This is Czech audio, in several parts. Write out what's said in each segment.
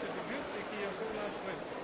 se bewirkt, ich gehe ja so nach Schweden.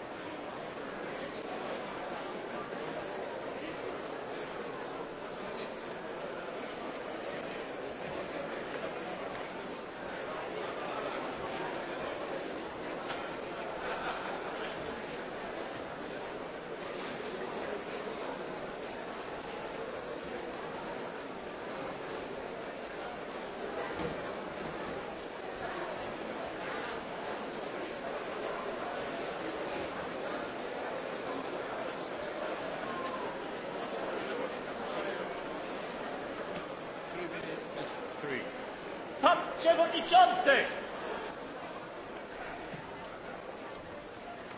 przewodniczących.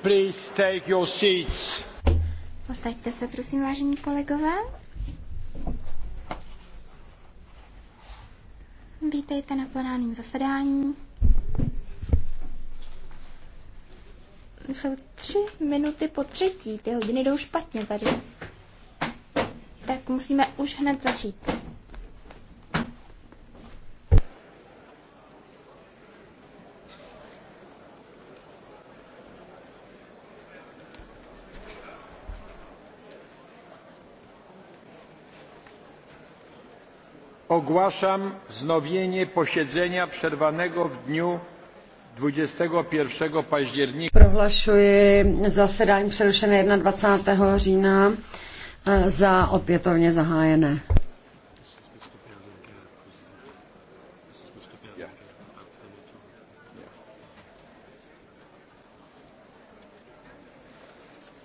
Please take your seats. Posaďte se, prosím, vážení kolegové. Vítejte na plenárním zasedání. Jsou tři minuty po třetí, ty hodiny jdou špatně tady. Tak musíme už hned začít. Ogłaszam wznowienie posiedzenia przerwanego w dniu 21 października. Prohlašuji zasedání přerušené 21. října e, za opětovně zahájené.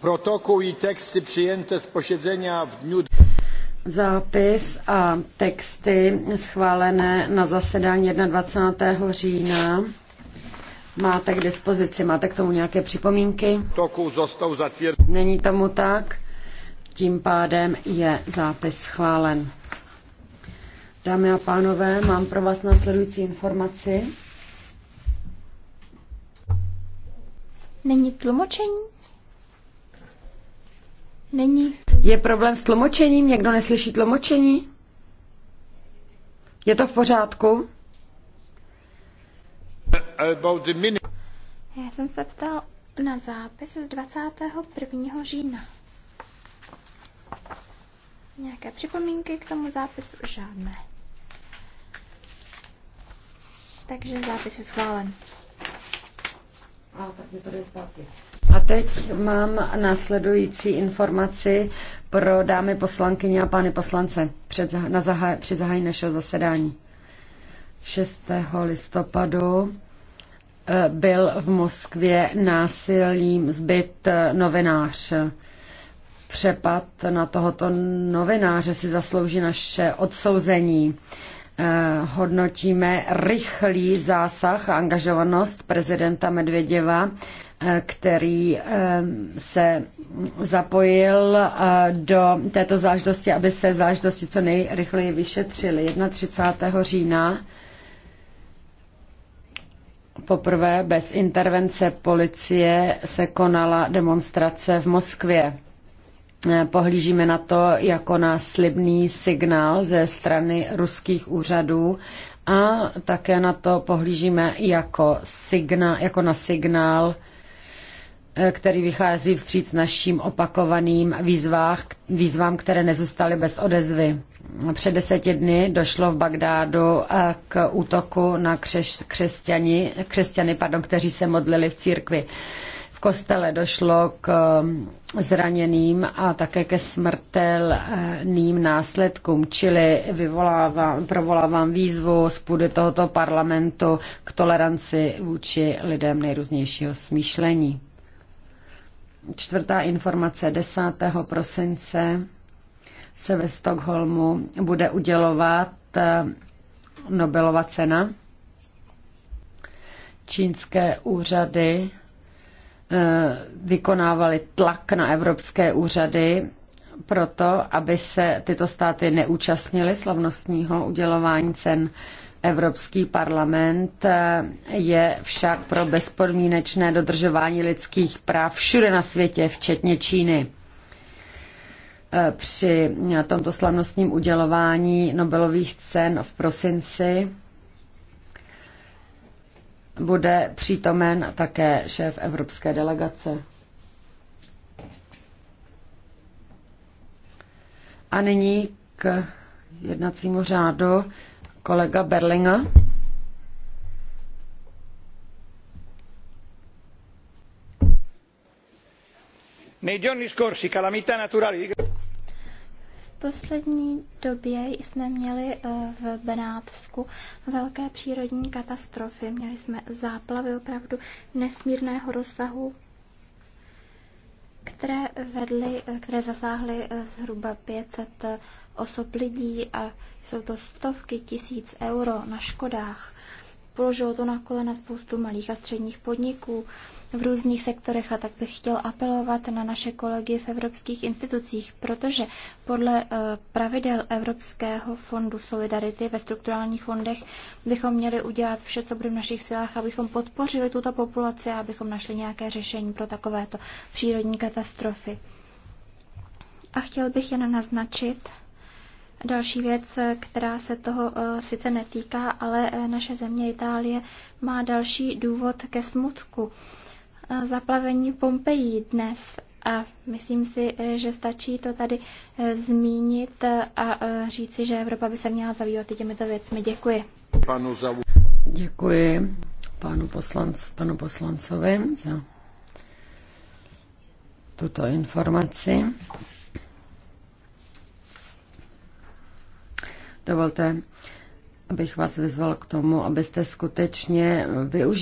Protokół i teksty przyjęte z posiedzenia w dniu Zápis a texty schválené na zasedání 21. října máte k dispozici. Máte k tomu nějaké připomínky? Toku zatvěr... Není tomu tak. Tím pádem je zápis schválen. Dámy a pánové, mám pro vás následující informaci. Není tlumočení? Není. Je problém s tlumočením? Někdo neslyší tlumočení? Je to v pořádku? Já jsem se ptal na zápis z 21. října. Nějaké připomínky k tomu zápisu? Žádné. Takže zápis je schválen. A, a teď mám následující informaci pro dámy poslankyně a pány poslance před, na zahaj, při zahájení našeho zasedání. 6. listopadu eh, byl v Moskvě násilím zbyt eh, novinář. Přepad na tohoto novináře si zaslouží naše odsouzení. Eh, hodnotíme rychlý zásah a angažovanost prezidenta Medvěděva, eh, který eh, se zapojil do této záždosti, aby se záždosti co nejrychleji vyšetřily. 31. října poprvé bez intervence policie se konala demonstrace v Moskvě pohlížíme na to jako na slibný signál ze strany ruských úřadů a také na to pohlížíme jako, signál, jako na signál, eh, který vychází vstříc naším opakovaným výzvách, výzvám, které nezůstaly bez odezvy. Před deseti dny došlo v Bagdádu eh, k útoku na křeš, křesťani, křesťany, pardon, kteří se modlili v církvi kostele došlo k um, zraněným a také ke smrtelným následkům, čili vyvolávám, provolávám výzvu z půdy tohoto parlamentu k toleranci vůči lidem nejrůznějšího smýšlení. Čtvrtá informace 10. prosince se ve Stockholmu bude udělovat uh, Nobelova cena. Čínské úřady Eh, vykonávali tlak na evropské úřady proto, aby se tyto státy neúčastnily slavnostního udělování cen. Evropský parlament eh, je však pro bezpodmínečné dodržování lidských práv všude na světě, včetně Číny. Eh, při tomto slavnostním udělování Nobelových cen v prosinci bude přítomen také šéf evropské delegace. A nyní k jednacímu řádu kolega Berlinga. Nei giorni scorsi calamità naturali di poslední době jsme měli eh, v Benátsku velké přírodní katastrofy. Měli jsme záplavy opravdu nesmírného rozsahu, které, vedly, eh, které zasáhly eh, zhruba 500 osob lidí a jsou to stovky tisíc euro na škodách položilo to na kolena spoustu malých a středních podniků v různých sektorech a tak bych chtěl apelovat na naše kolegy v evropských institucích, protože podle eh, pravidel Evropského fondu Solidarity ve strukturálních fondech bychom měli udělat vše, co bude v našich silách, abychom podpořili tuto populaci a abychom našli nějaké řešení pro takovéto přírodní katastrofy. A chtěl bych jen naznačit, Další věc, která se toho eh, sice netýká, ale eh, naše země Itálie má další důvod ke smutku. Eh, zaplavení Pompejí dnes a myslím si, že stačí to tady zmínit a říci, že Evropa by se měla zabývat i těmito věcmi. Děkuji. Panu za... Děkuji panu, poslanc, panu poslancovi za tuto informaci. Dovolte, abych vás vyzval k tomu, abyste skutečně využili